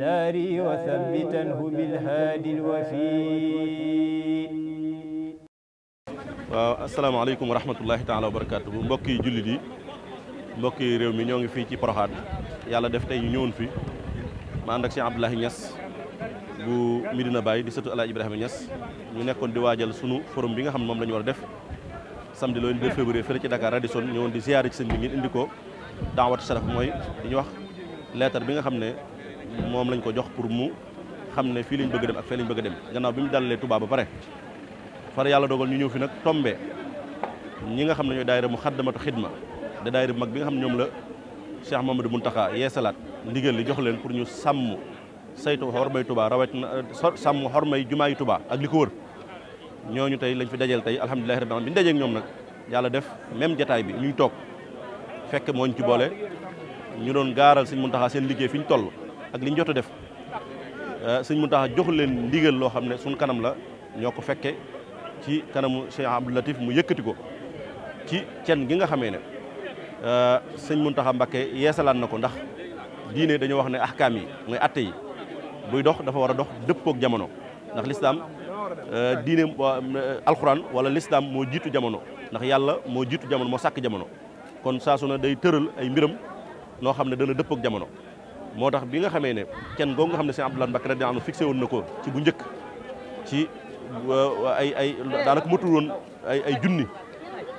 داري وثبتنه بالهادي الوفي waaw asalaamaaleykum wa rahmatullahi taala wa barakaatu mbokki jullit yi mbokki réew mi ñoo ngi fii ci Porokhane yàlla def tey ñu ñëwoon fi ma ànd ak Cheikh Abdoulahi ñas bu Medina Baye di sëtu El Hadj Ibrahima Niass ñu nekkoon di waajal sunu forum bi nga xam ne moom la ñu war a def samedi le 2 février fële ci Dakar Radisson ñëwoon di ziyaare ci sëñ bi ngeen indi ko daawatu salaf mooy li ñuy wax leetar bi nga xam ne moom lañ ko jox pour mu xam ne fii lañ bëgg dem ak fee bëgg dem gannaaw bi mu dalalee Touba ba pare far yàlla dogal ñu ñëw fi nag tombe ñi nga xam ne ñooy daayira mu xaddamatu xidma da daayira mag bi nga xam ne ñoom la Cheikh Mamadou Muntaxa yeesalaat ndigal li jox leen pour ñu sàmm saytu xormay Touba rawatina sàmm xormay jumaayu Touba ak li ko wër ñooñu tey lañ fi dajeel tey alhamdulilahi rabbil alamin bi ñu dajeeg ñoom nag yàlla def même jataay bi ñu ñuy toog fekk mooñ ci boole ñu doon gaaral sëñ Muntaxa seen liggéey fi ñu toll ak li ñu jot a def euh, sëñ Muntaxa jox leen ndigal loo xam ne suñ kanam la ñoo ko fekke ci kanamu Cheikh Abdou mu yëkkati ko ci cen gi nga xamee ne euh, sëñ Muntaxa Mbakke yeesalaat na ko ndax diine dañoo wax ne ahkaam yi mooy atte yi buy dox dafa war a dox dëppook jamono ndax lislaam euh, diine alxuraan wala lislaam moo jiitu jamono ndax yàlla moo jiitu jamono moo sàkk jamono kon saa su day tëral ay mbiram loo xam ne dana dëppook jamono moo tax bi nga xamee ne kenn googu nga xam ne sëñ Abdoulaye Mbacké radiyallahu anhu fixé woon na ko ci bu njëkk ci euh, ay ay daanaka matul woon ay ay junni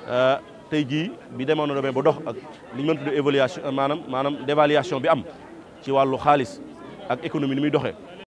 euh, tey jii bi demoon demee ba dox ak li ñu mën tuddee évaluation maanaam maanaam dévaluation bi am ci wàllu xaalis ak économie ni muy doxe